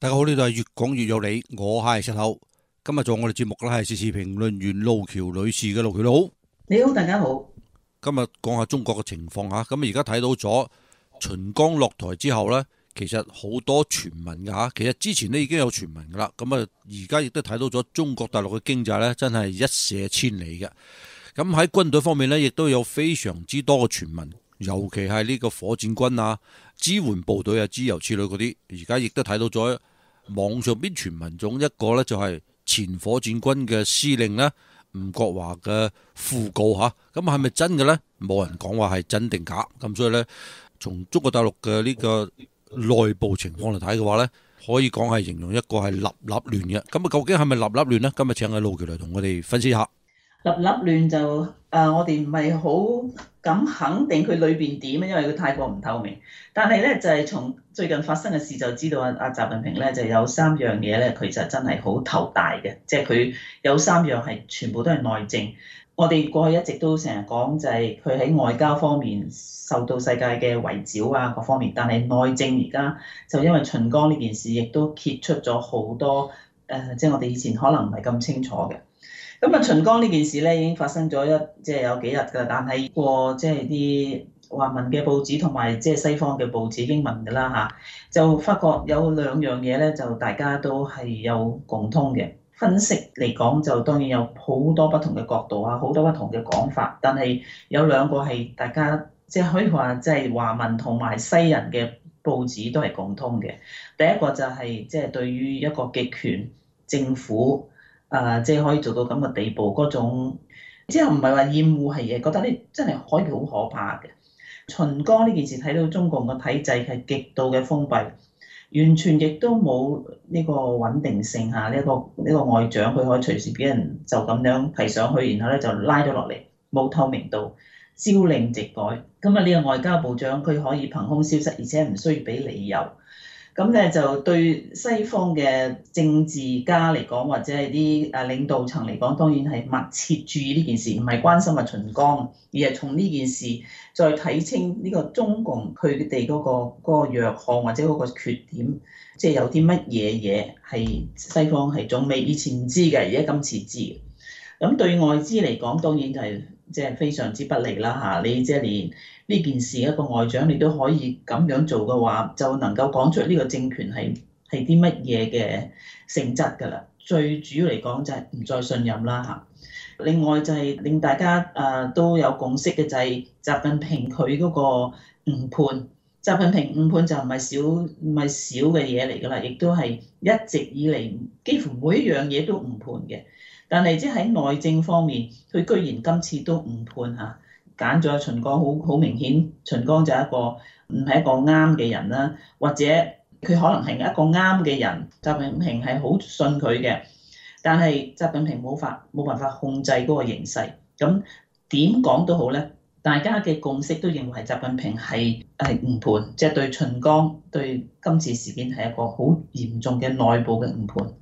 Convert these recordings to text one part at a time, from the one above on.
大家好，呢度係粵講粵有理，我係石頭，今日做我哋節目嘅咧係時事評論員路橋女士嘅路橋，你好，你好，大家好。今日講下中國嘅情況吓，咁而家睇到咗秦剛落台之後呢，其實好多傳聞嘅吓，其實之前呢已經有傳聞噶啦，咁啊而家亦都睇到咗中國大陸嘅經濟呢，真係一瀉千里嘅，咁喺軍隊方面呢，亦都有非常之多嘅傳聞，尤其係呢個火箭軍啊支援部隊啊諸如此類嗰啲，而家亦都睇到咗。網上邊傳民眾一個咧就係前火箭軍嘅司令咧吳國華嘅訃告吓，咁係咪真嘅咧？冇人講話係真定假，咁所以咧從中國大陸嘅呢個內部情況嚟睇嘅話咧，可以講係形容一個係立立亂嘅，咁啊究竟係咪立立亂咧？今日請阿路橋嚟同我哋分析下，立立亂就誒我哋唔係好。咁肯定佢裏邊點啊？因為佢太過唔透明。但係咧，就係從最近發生嘅事就知道啊！阿習近平咧，就有三樣嘢咧，佢就真係好頭大嘅，即係佢有三樣係全部都係內政。我哋過去一直都成日講就係佢喺外交方面受到世界嘅圍剿啊，各方面。但係內政而家就因為秦剛呢件事，亦都揭出咗好多誒，即係我哋以前可能唔係咁清楚嘅。咁啊，秦剛呢件事咧，已經發生咗一即係有幾日㗎，但係過即係啲華文嘅報紙同埋即係西方嘅報紙英文聞㗎啦吓，就發覺有兩樣嘢咧，就大家都係有共通嘅分析嚟講，就當然有好多不同嘅角度啊，好多不同嘅講法，但係有兩個係大家即係可以話即係華文同埋西人嘅報紙都係共通嘅。第一個就係、是、即係對於一個極權政府。.啊，即係可以做到咁嘅地步，嗰種之後唔係話厭惡係嘢，覺得咧真係可以好可怕嘅。秦剛呢件事睇到中共個體制係極度嘅封閉，完全亦都冇呢個穩定性嚇。呢一個呢個外長佢可以隨時俾人就咁樣提上去，然後咧就拉咗落嚟，冇透明度，朝令夕改。咁啊呢個外交部長佢可以憑空消失，而且唔需要俾理由。咁咧就對西方嘅政治家嚟講，或者係啲啊領導層嚟講，當然係密切注意呢件事，唔係關心話秦剛，而係從呢件事再睇清呢個中共佢哋嗰個弱項或者嗰個缺點，即係有啲乜嘢嘢係西方係仲未以前知嘅，而家今次知。咁對外資嚟講，當然就係。即係非常之不利啦嚇！你即係連呢件事一個外長你都可以咁樣做嘅話，就能夠講出呢個政權係係啲乜嘢嘅性質㗎啦。最主要嚟講就係唔再信任啦嚇。另外就係、是、令大家誒都有共識嘅就係習近平佢嗰個誤判，習近平誤判就唔係少唔係少嘅嘢嚟㗎啦，亦都係一直以嚟幾乎每一樣嘢都誤判嘅。但係，即喺內政方面，佢居然今次都誤判嚇，揀咗秦剛，好好明顯，秦剛就係一個唔係一個啱嘅人啦，或者佢可能係一個啱嘅人，習近平係好信佢嘅，但係習近平冇法冇辦法控制嗰個形勢，咁點講都好咧，大家嘅共識都認為係習近平係係誤判，即係對秦剛對今次事件係一個好嚴重嘅內部嘅誤判。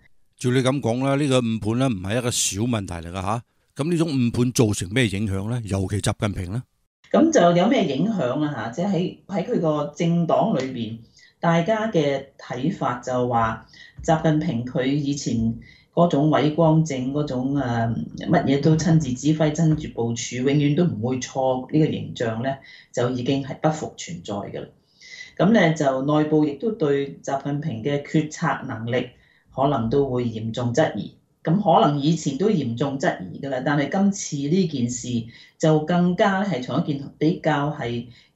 照你咁講啦，呢個誤判咧，唔係一個小問題嚟㗎吓，咁呢種誤判造成咩影響咧？尤其習近平咧，咁就有咩影響啦吓，即係喺喺佢個政黨裏邊，大家嘅睇法就話，習近平佢以前嗰種偉光正嗰種乜嘢、啊、都親自指揮、親自部署，永遠都唔會錯呢個形象咧，就已經係不復存在㗎啦。咁咧就內部亦都對習近平嘅決策能力。可能都會嚴重質疑，咁可能以前都嚴重質疑㗎喇，但係今次呢件事就更加咧係從一件比較係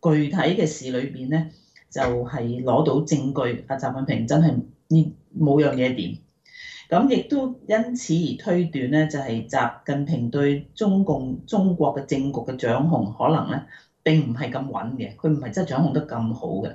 具體嘅事裏邊咧，就係、是、攞到證據，阿習近平真係呢冇樣嘢點，咁亦都因此而推斷咧，就係、是、習近平對中共中國嘅政局嘅掌控可能咧並唔係咁穩嘅，佢唔係真係掌控得咁好嘅。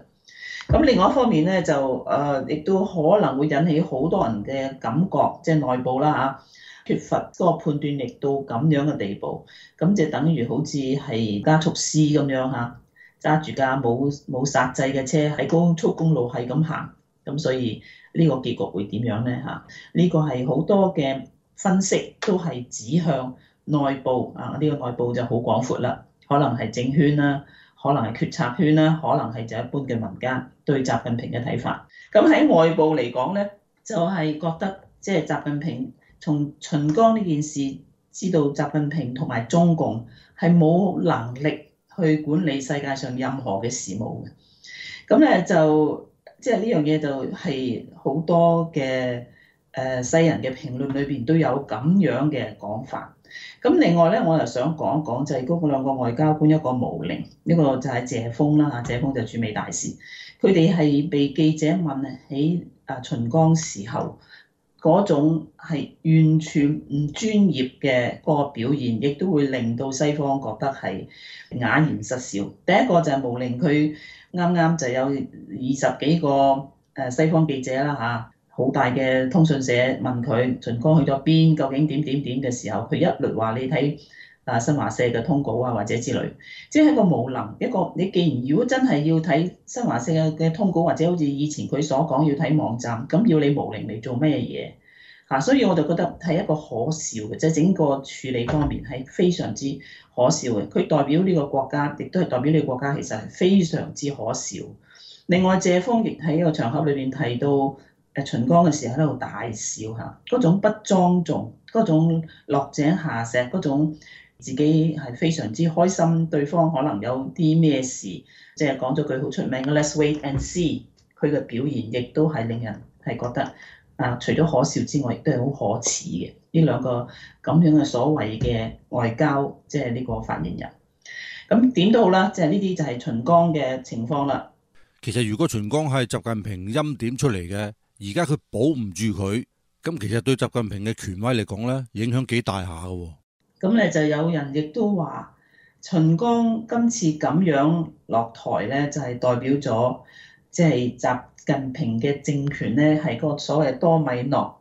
咁另外一方面咧，就誒亦、呃、都可能會引起好多人嘅感覺，即、就、係、是、內部啦嚇、啊，缺乏嗰個判斷力到咁樣嘅地步，咁就等於好似係加速師咁樣嚇，揸住架冇冇煞掣嘅車喺高速公路係咁行，咁所以呢個結局會點樣咧嚇？呢、啊這個係好多嘅分析都係指向內部啊！呢、這個內部就好廣闊啦，可能係正圈啦。可能係決策圈啦，可能係就一般嘅民間對習近平嘅睇法。咁喺外部嚟講咧，就係覺得即係習近平從秦剛呢件事知道，習近平同埋中共係冇能力去管理世界上任何嘅事務嘅。咁咧就即係呢樣嘢就係好多嘅誒世人嘅評論裏邊都有咁樣嘅講法。咁另外咧，我又想講一講就係嗰兩個外交官，一個毛寧，一個就係謝鋒啦嚇，謝鋒就駐美大使。佢哋係被記者問起啊秦剛時候嗰種係完全唔專業嘅嗰個表現，亦都會令到西方覺得係啞然失笑。第一個就係毛寧，佢啱啱就有二十幾個誒西方記者啦嚇。好大嘅通訊社問佢秦剛去咗邊，究竟點點點嘅時候，佢一律話你睇啊新華社嘅通稿啊或者之類，即係一個無能一個。你既然如果真係要睇新華社嘅通稿，或者好似以前佢所講要睇網站，咁要你無能嚟做咩嘢？嚇、啊，所以我就覺得係一個可笑嘅，即係整個處理方面係非常之可笑嘅。佢代表呢個國家，亦都係代表呢個國家，其實係非常之可笑。另外，謝鋒亦喺呢個場合裏面提到。秦剛嘅時候喺度大笑嚇，嗰種不莊重，嗰種落井下石，嗰種自己係非常之開心，對方可能有啲咩事，即係講咗句好出名嘅 Let's wait and see，佢嘅表現亦都係令人係覺得啊，除咗可笑之外，亦都係好可恥嘅。呢兩個咁樣嘅所謂嘅外交，即係呢個發言人，咁點都好啦，即係呢啲就係秦剛嘅情況啦。其實如果秦剛係習近平欽點出嚟嘅。而家佢保唔住佢，咁其實對習近平嘅權威嚟講咧，影響幾大下嘅。咁咧就有人亦都話，秦剛今次咁樣落台咧，就係、是、代表咗即係習近平嘅政權咧，係個所謂多米諾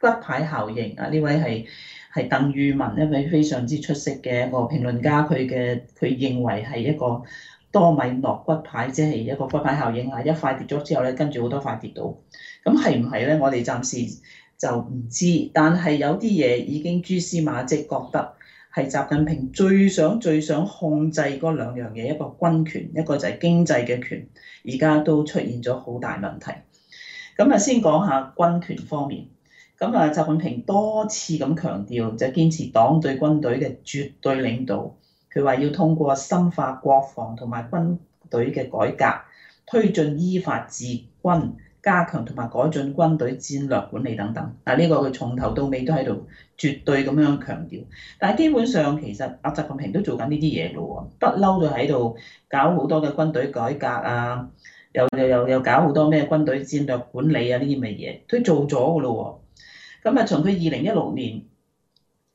骨牌效應啊！呢位係係鄧玉文，一位非常之出色嘅一個評論家，佢嘅佢認為係一個多米諾骨牌，即、就、係、是、一個骨牌效應啊！一塊跌咗之後咧，跟住好多塊跌到。咁係唔係咧？我哋暫時就唔知，但係有啲嘢已經蛛絲馬跡，覺得係習近平最想、最想控制嗰兩樣嘢，一個軍權，一個就係經濟嘅權。而家都出現咗好大問題。咁啊，先講下軍權方面。咁啊，習近平多次咁強調，就堅持黨對軍隊嘅絕對領導。佢話要通過深化國防同埋軍隊嘅改革，推進依法治軍。加強同埋改進軍隊戰略管理等等，嗱，呢個佢從頭到尾都喺度絕對咁樣強調。但係基本上其實阿習近平都做緊呢啲嘢咯，不嬲就喺度搞好多嘅軍隊改革啊，又又又又搞好多咩軍隊戰略管理啊，呢啲乜嘢都做咗㗎咯喎。咁啊，從佢二零一六年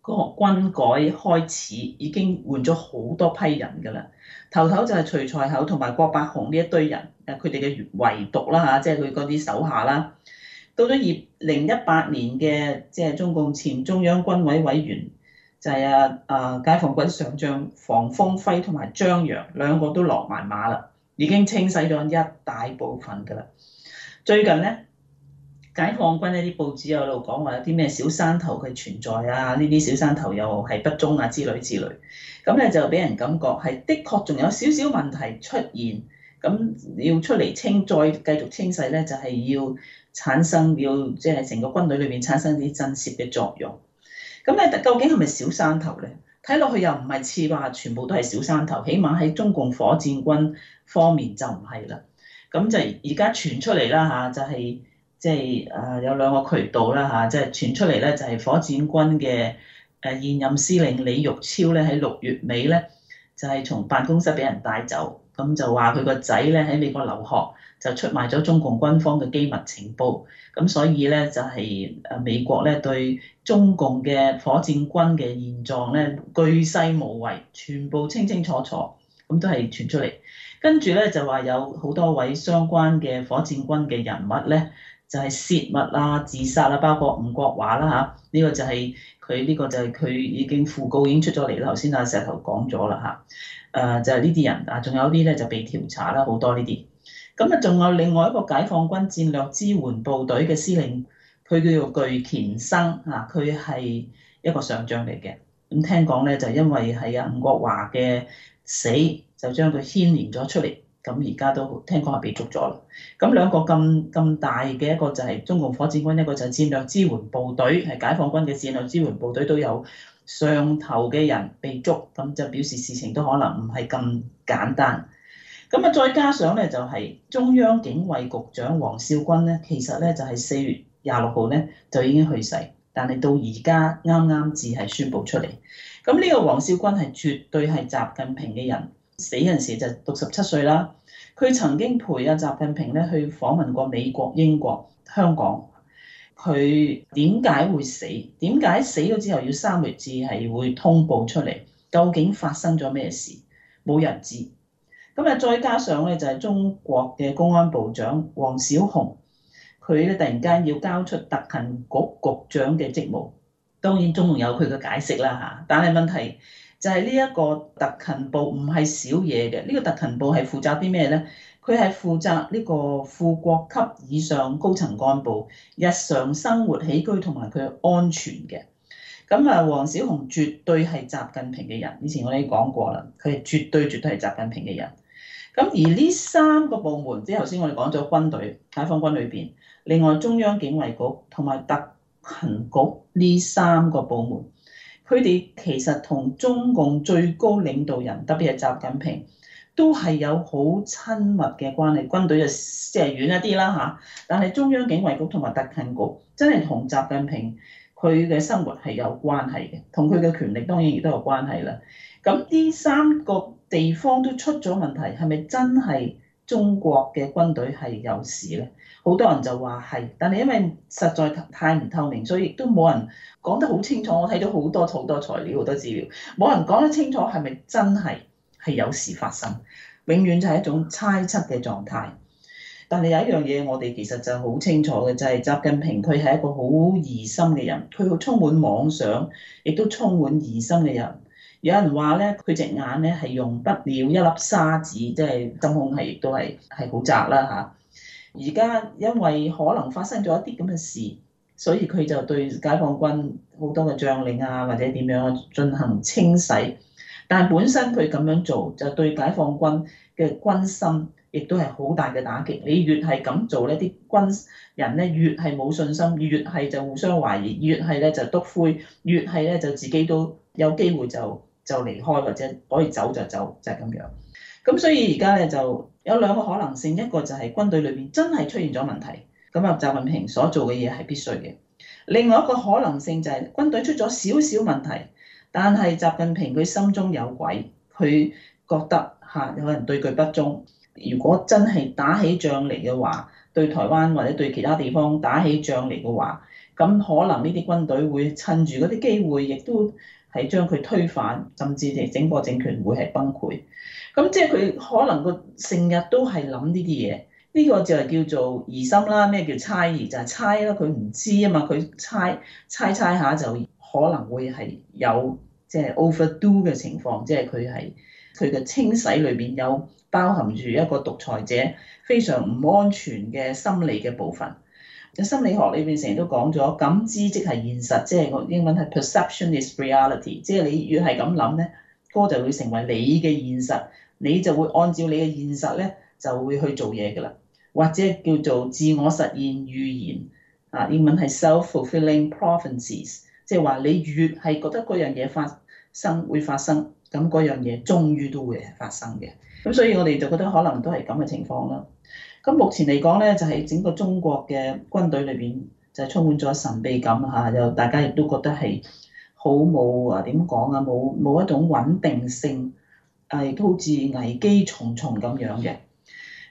嗰個軍改開始，已經換咗好多批人㗎啦。頭頭就係徐才厚同埋郭伯雄呢一堆人。誒佢哋嘅越圍唯獨啦嚇、啊，即係佢嗰啲手下啦。到咗二零一八年嘅，即係中共前中央軍委委員就係、是、啊誒、啊，解放軍上將房峰輝同埋張陽兩個都落埋馬啦，已經清洗咗一大部分㗎啦。最近咧，解放軍呢啲報紙又喺度講話有啲咩小山頭嘅存在啊，呢啲小山頭又係不忠啊之類之類，咁咧就俾人感覺係的確仲有少少問題出現。咁要出嚟清，再繼續清洗咧，就係要產生，要即係成個軍隊裏邊產生啲震懾嘅作用。咁咧究竟係咪小山頭咧？睇落去又唔係似話全部都係小山頭，起碼喺中共火箭軍方面就唔係啦。咁就而家傳出嚟啦嚇，就係即係誒有兩個渠道啦嚇，即係傳出嚟咧就係火箭軍嘅誒現任司令李玉超咧喺六月尾咧就係從辦公室俾人帶走。咁就話佢個仔咧喺美國留學，就出賣咗中共軍方嘅機密情報，咁所以咧就係、是、誒美國咧對中共嘅火箭軍嘅現狀咧巨細無遺，全部清清楚楚，咁都係傳出嚟。跟住咧就話有好多位相關嘅火箭軍嘅人物咧，就係、是、泄密啊、自殺啦、啊，包括吳國華啦、啊、嚇，呢、這個就係佢呢個就係佢已經訃告已經出咗嚟啦。頭先阿石頭講咗啦嚇。誒就係呢啲人啊，仲有啲咧就被調查啦，好多呢啲。咁啊，仲有另外一個解放軍戰略支援部隊嘅司令，佢叫做巨乾生啊，佢係一個上將嚟嘅。咁聽講咧，就因為係啊吳國華嘅死，就將佢牽連咗出嚟。咁而家都聽講係被捉咗啦。咁兩個咁咁大嘅一個就係中共火箭軍，一個就係戰略支援部隊，係解放軍嘅戰略支援部隊都有。上頭嘅人被捉，咁就表示事情都可能唔係咁簡單。咁啊，再加上咧就係、是、中央警衛局長黃少軍咧，其實咧就係、是、四月廿六號咧就已經去世，但係到而家啱啱至係宣布出嚟。咁呢個黃少軍係絕對係習近平嘅人，死嗰陣時就六十七歲啦。佢曾經陪阿習近平咧去訪問過美國、英國、香港。佢點解會死？點解死咗之後要三月至係會通報出嚟？究竟發生咗咩事？冇人知。咁啊，再加上咧就係中國嘅公安部長王小洪，佢咧突然間要交出特勤局局長嘅職務，當然中共有佢嘅解釋啦嚇。但係問題就係呢一個特勤部唔係少嘢嘅，呢個特勤部係負責啲咩咧？佢係負責呢個副國級以上高層幹部日常生活起居同埋佢安全嘅。咁啊，黃小紅絕對係習近平嘅人，以前我哋講過啦，佢係絕對絕對係習近平嘅人。咁而呢三個部門，即係頭先我哋講咗軍隊、解放軍裏邊，另外中央警衛局同埋特勤局呢三個部門，佢哋其實同中共最高領導人，特別係習近平，都係有好親密嘅關係，軍隊就即係遠一啲啦嚇。但係中央警衛局同埋特勤局真係同習近平佢嘅生活係有關係嘅，同佢嘅權力當然亦都有關係啦。咁呢三個地方都出咗問題，係咪真係中國嘅軍隊係有事咧？好多人就話係，但係因為實在太唔透明，所以亦都冇人講得好清楚。我睇到好多好多材料、好多資料，冇人講得清楚係咪真係，係有事發生，永遠就係一種猜測嘅狀態。但係有一樣嘢，我哋其實就好清楚嘅，就係習近平佢係一個好疑心嘅人，佢好充滿妄想，亦都充滿疑心嘅人。有人話咧，佢隻眼咧係用不了一粒沙子，即係心胸係亦都係係好窄啦嚇。而家因為可能發生咗一啲咁嘅事，所以佢就對解放軍好多嘅將領啊，或者點樣進行清洗。但係本身佢咁樣做，就對解放軍嘅軍心亦都係好大嘅打擊。你越係咁做，呢啲軍人咧，越係冇信心，越係就互相懷疑，越係咧就篤灰，越係咧就自己都有機會就就離開，或者可以走就走，就係咁樣。咁所以而家咧就有兩個可能性，一個就係軍隊裏邊真係出現咗問題，咁啊習近平所做嘅嘢係必須嘅。另外一個可能性就係軍隊出咗少少問題。但係習近平佢心中有鬼，佢覺得嚇有人對佢不忠。如果真係打起仗嚟嘅話，對台灣或者對其他地方打起仗嚟嘅話，咁可能呢啲軍隊會趁住嗰啲機會，亦都係將佢推翻，甚至係整個政權會係崩潰。咁即係佢可能個成日都係諗呢啲嘢，呢個就係叫做疑心啦。咩叫猜疑？就係猜啦，佢唔知啊嘛，佢猜猜猜猜下就。可能會係有即係、就是、overdo 嘅情況，即係佢係佢嘅清洗裏邊有包含住一個獨裁者非常唔安全嘅心理嘅部分。喺心理學裏邊成日都講咗，感知即係現實，即係個英文係 perception is reality。即係你越係咁諗咧，嗰就會成為你嘅現實，你就會按照你嘅現實咧就會去做嘢㗎啦，或者叫做自我實現預言。啊，英文係 self-fulfilling prophecies。即係話你越係覺得嗰樣嘢發生會發生，咁嗰樣嘢終於都會發生嘅。咁所以我哋就覺得可能都係咁嘅情況啦。咁目前嚟講咧，就係、是、整個中國嘅軍隊裏邊就係、是、充滿咗神秘感嚇，又大家亦都覺得係好冇，啊點講啊，冇冇一種穩定性，啊亦都好似危機重重咁樣嘅。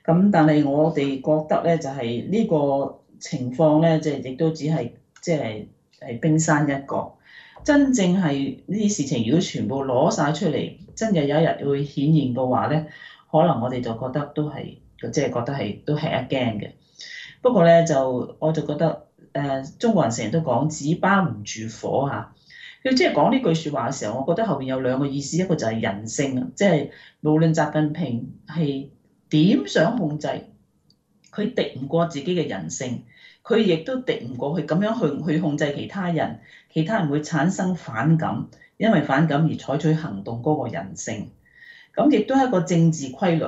咁但係我哋覺得咧，就係、是、呢個情況咧，即係亦都只係即係。就係係冰山一角，真正係呢啲事情，如果全部攞晒出嚟，真係有一日會顯現嘅話咧，可能我哋就覺得都係，即係覺得係都吃一驚嘅。不過咧就，我就覺得，誒、呃，中國人成日都講紙包唔住火嚇，佢即係講呢句說話嘅時候，我覺得後邊有兩個意思，一個就係人性啊，即係無論習近平係點想控制，佢敵唔過自己嘅人性。佢亦都敵唔過去，咁樣去去控制其他人，其他人會產生反感，因為反感而採取行動。嗰個人性，咁亦都係一個政治規律，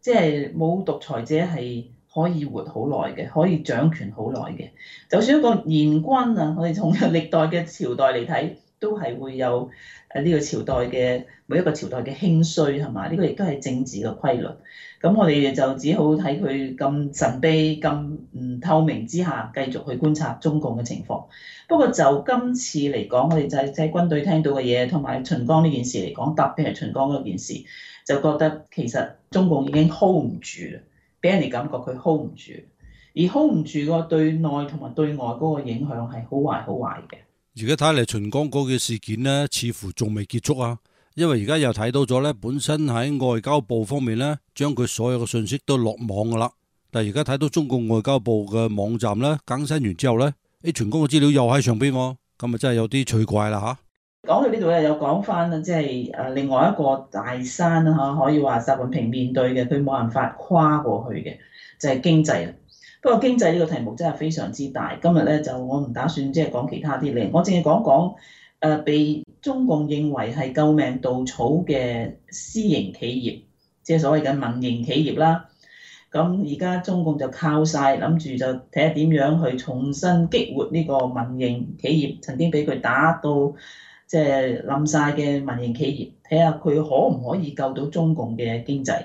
即係冇獨裁者係可以活好耐嘅，可以掌權好耐嘅。就算一個嚴君啊，我哋從歷代嘅朝代嚟睇。都係會有誒，呢個朝代嘅，每一個朝代嘅興衰，係嘛？呢個亦都係政治嘅規律。咁我哋就只好睇佢咁神秘、咁唔透明之下，繼續去觀察中共嘅情況。不過就今次嚟講，我哋就係喺軍隊聽到嘅嘢，同埋秦剛呢件事嚟講，特別係秦剛嗰件事，就覺得其實中共已經 hold 唔住啦，俾人哋感覺佢 hold 唔住，而 hold 唔住個對內同埋對外嗰個影響係好壞好壞嘅。而家睇嚟秦剛嗰件事件咧，似乎仲未結束啊，因為而家又睇到咗咧，本身喺外交部方面咧，將佢所有嘅信息都落網噶啦。但係而家睇到中共外交部嘅網站咧，更新完之後咧，秦剛嘅資料又喺上邊，啊，咁啊真係有啲奇怪啦吓。講，啊，到呢度咧，又講翻啦，即係誒，另外一個大山啊吓，可以話習近平面對嘅，佢冇辦法跨過去嘅，就係、是、經濟。不過經濟呢個題目真係非常之大，今日咧就我唔打算即係講其他啲嚟，我淨係講講誒、呃、被中共認為係救命稻草嘅私營企業，即係所謂嘅民營企業啦。咁而家中共就靠晒，諗住就睇下點樣去重新激活呢個民營企業，曾經俾佢打到即係冧晒嘅民營企業，睇下佢可唔可以救到中共嘅經濟。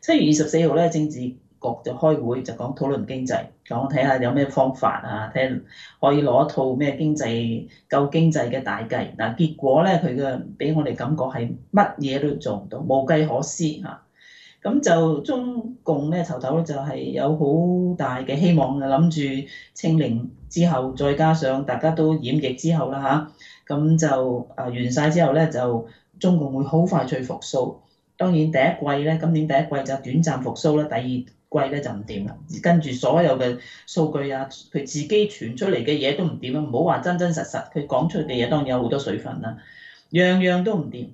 七月二十四號咧，政治。就開會就講討論經濟，講睇下有咩方法啊，睇可以攞一套咩經濟夠經濟嘅大計。嗱，結果咧，佢嘅俾我哋感覺係乜嘢都做唔到，無計可施嚇。咁就中共咧頭頭，就係有好大嘅希望，諗住清零之後，再加上大家都演疫之後啦嚇，咁、啊、就啊完晒之後咧就中共會好快脆復甦。當然第一季咧，今年第一季就短暫復甦啦，第二。貴咧就唔掂啦，跟住所有嘅數據啊，佢自己傳出嚟嘅嘢都唔掂啊，唔好話真真實實，佢講出嚟嘅嘢當然有好多水分啦，樣樣都唔掂。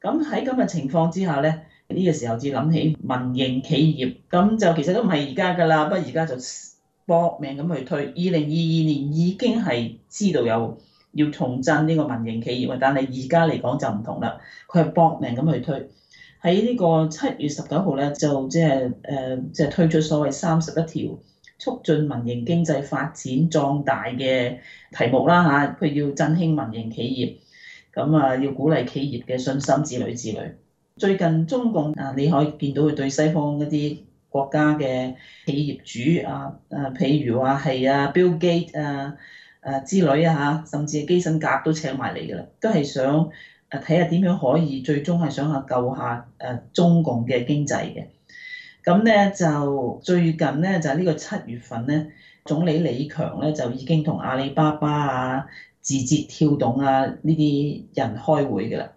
咁喺咁嘅情況之下咧，呢個時候至諗起民營企業，咁就其實都唔係而家㗎啦，不過而家就搏命咁去推。二零二二年已經係知道有要重振呢個民營企業，但係而家嚟講就唔同啦，佢係搏命咁去推。喺呢個七月十九號咧，就即係誒，即係、推出所謂三十一條促進民營經濟發展壯大嘅題目啦吓，佢要振興民營企業，咁啊要鼓勵企業嘅信心，之類之類。最近中共啊，你可以見到佢對西方嗰啲國家嘅企業主啊啊，譬如話係啊 Bill Gates 啊啊之類啊嚇，甚至係基辛格都請埋嚟噶啦，都係想。誒睇下點樣可以最終係想下救下誒中共嘅經濟嘅。咁咧就最近咧就係呢個七月份咧，總理李強咧就已經同阿里巴巴啊、字節跳動啊呢啲人開會嘅啦。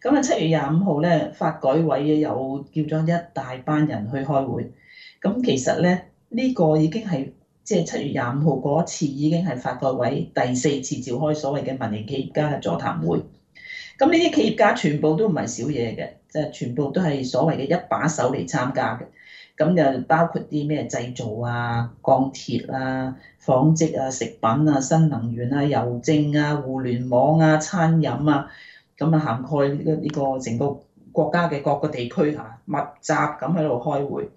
咁啊，七月廿五號咧，發改委有叫咗一大班人去開會。咁其實咧呢個已經係即係七月廿五號嗰一次已經係發改委第四次召開所謂嘅民營企業家嘅座談會。咁呢啲企業家全部都唔係少嘢嘅，即係全部都係所謂嘅一把手嚟參加嘅。咁就包括啲咩製造啊、鋼鐵啊、紡織啊、食品啊、新能源啊、郵政啊、互聯網啊、餐飲啊，咁啊涵蓋呢個呢個成個國家嘅各個地區嚇、啊，密集咁喺度開會。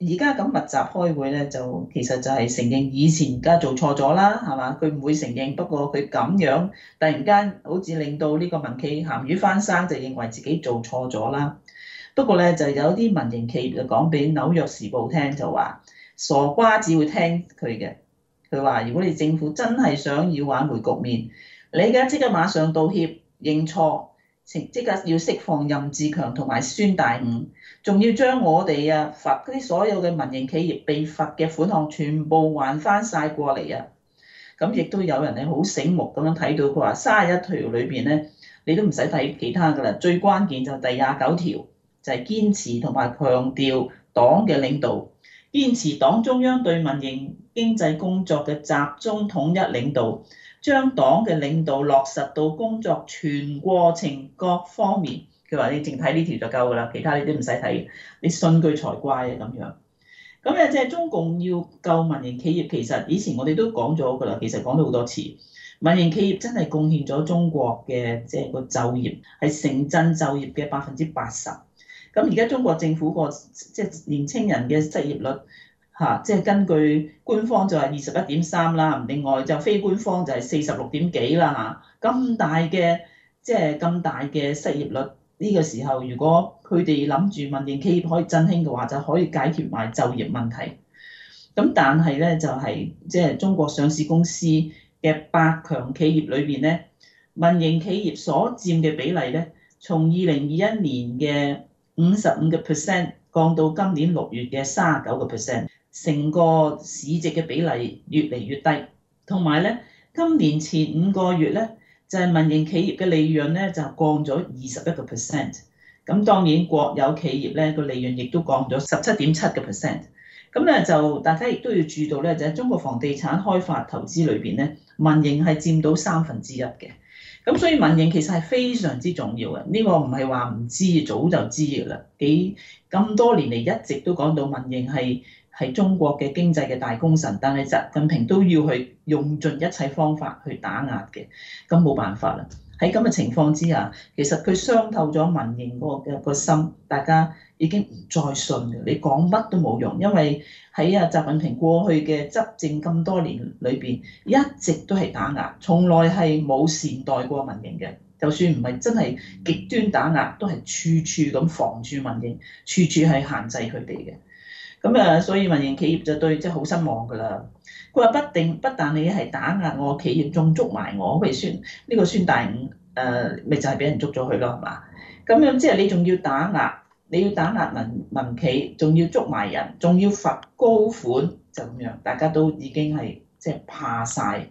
而家咁密集開會咧，就其實就係承認以前而家做錯咗啦，係嘛？佢唔會承認，不過佢咁樣突然間好似令到呢個民企鹹魚翻生，就認為自己做錯咗啦。不過咧，就有啲民營企業就講俾紐約時報聽就話：傻瓜只會聽佢嘅。佢話：如果你政府真係想要挽回局面，你而家即刻馬上道歉認錯。即刻要釋放任志強同埋孫大午，仲要將我哋啊罰嗰啲所有嘅民營企業被罰嘅款項全部還翻晒過嚟啊！咁亦都有人咧好醒目咁樣睇到，佢話三十一條裏邊咧，你都唔使睇其他噶啦，最關鍵就係第廿九條，就係、是、堅持同埋強調黨嘅領導，堅持黨中央對民營經濟工作嘅集中統一領導。將黨嘅領導落實到工作全過程各方面，佢話你淨睇呢條就夠噶啦，其他你都唔使睇，你信佢才怪。啊咁樣。咁咧即係中共要救民營企業，其實以前我哋都講咗噶啦，其實講咗好多次。民營企業真係貢獻咗中國嘅即係個就業係城鎮就業嘅百分之八十。咁而家中國政府個即係年青人嘅失業率。嚇、啊，即係根據官方就係二十一點三啦，另外就非官方就係四十六點幾啦嚇。咁大嘅即係咁大嘅失業率，呢、呢個時候如果佢哋諗住民營企業可以振興嘅話，就可以解決埋就業問題。咁但係咧就係即係中國上市公司嘅百強企業裏邊咧，民營企業所佔嘅比例咧，從二零二一年嘅五十五個 percent 降到今年六月嘅卅九個 percent。成個市值嘅比例越嚟越低，同埋咧，今年前五個月咧就係、是、民營企業嘅利潤咧就降咗二十一個 percent。咁當然國有企業咧個利潤亦都降咗十七點七個 percent。咁咧就大家亦都要注意到咧，就係、是、中國房地產開發投資裏邊咧，民營係佔到三分之一嘅。咁所以民營其實係非常之重要嘅。呢、這個唔係話唔知，早就知㗎啦。幾咁多年嚟一直都講到民營係，係中國嘅經濟嘅大功臣，但係習近平都要去用盡一切方法去打壓嘅，咁冇辦法啦。喺咁嘅情況之下，其實佢傷透咗民營嗰個個心，大家已經唔再信嘅。你講乜都冇用，因為喺啊習近平過去嘅執政咁多年裏邊，一直都係打壓，從來係冇善待過民營嘅。就算唔係真係極端打壓，都係處處咁防住民營，處處係限制佢哋嘅。咁誒、嗯，所以民營企業就對即係好失望㗎啦。佢話不定不但你係打壓我企業，仲捉埋我。譬如孫呢、呢個孫大午，誒、呃、咪就係、係、俾人捉咗佢咯，係嘛？咁樣即係你仲要打壓，你要打壓民民企，仲要捉埋人，仲要罰高款，就咁樣，大家都已經係即係怕晒。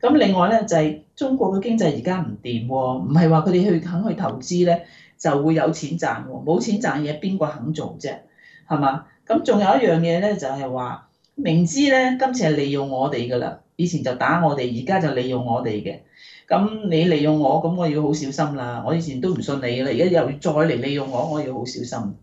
咁另外咧就係、係、中國嘅經濟而家唔掂喎，唔係話佢哋去肯去投資咧就會有錢賺喎、喎，冇錢賺嘢邊個肯做啫？係嘛？咁仲有一樣嘢咧，就係話明知咧，今次係利用我哋噶啦，以前就打我哋，而家就利用我哋嘅。咁你利用我，咁我要好小心啦。我以前都唔信你嘅啦，而家又要再嚟利用我，我要好小心。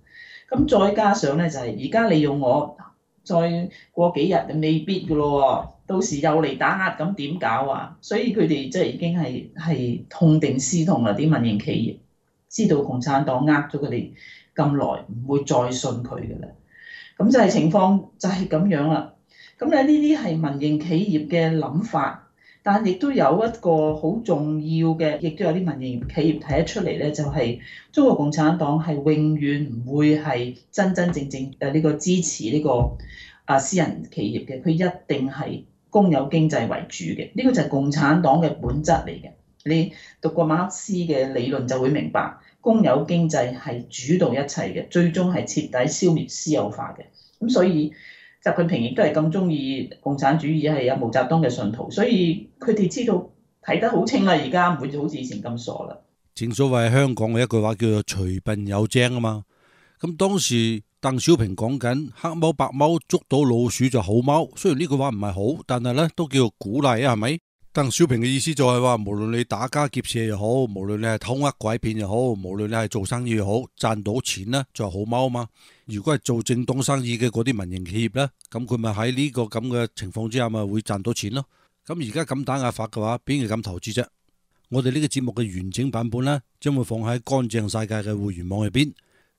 咁再加上咧，就係而家利用我，再過幾日就未必噶咯喎。到時又嚟打壓，咁點搞啊？所以佢哋即係已經係係痛定思痛啦。啲民營企業知道共產黨呃咗佢哋。咁耐唔會再信佢嘅啦，咁就係情況就係咁樣啦。咁咧，呢啲係民營企業嘅諗法，但亦都有一個好重要嘅，亦都有啲民營企業睇得出嚟咧，就係中國共產黨係永遠唔會係真真正正誒呢個支持呢個啊私人企業嘅，佢一定係公有經濟為主嘅，呢個就係共產黨嘅本質嚟嘅。你讀過馬克思嘅理論就會明白，公有經濟係主導一切嘅，最終係徹底消滅私有化嘅。咁所以習近平亦都係咁中意共產主義，係有毛澤東嘅信徒，所以佢哋知道睇得好清啦。而家唔會好似以前咁傻啦。正所謂香港嘅一句話叫做「隨笨有精」啊嘛。咁當時鄧小平講緊黑貓白貓捉到老鼠就好貓，雖然呢句話唔係好，但係咧都叫做鼓勵啊，係咪？鄧小平嘅意思就係話，無論你打家劫舍又好，無論你係偷呃拐騙又好，無論你係做生意又好，賺到錢啦就係好貓啊嘛。如果係做正當生意嘅嗰啲民營企業咧，咁佢咪喺呢個咁嘅情況之下咪會賺到錢咯。咁而家咁打壓法嘅話，邊個敢投資啫？我哋呢個節目嘅完整版本咧，將會放喺乾淨世界嘅會員網入邊，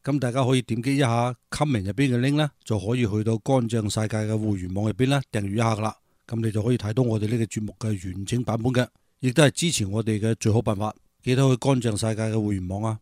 咁大家可以點擊一下 comment 入邊嘅 link 咧，就可以去到乾淨世界嘅會員網入邊啦，訂閱一下噶啦。咁你就可以睇到我哋呢個節目嘅完整版本嘅，亦都係支持我哋嘅最好辦法，記得去乾淨世界嘅會員網啊！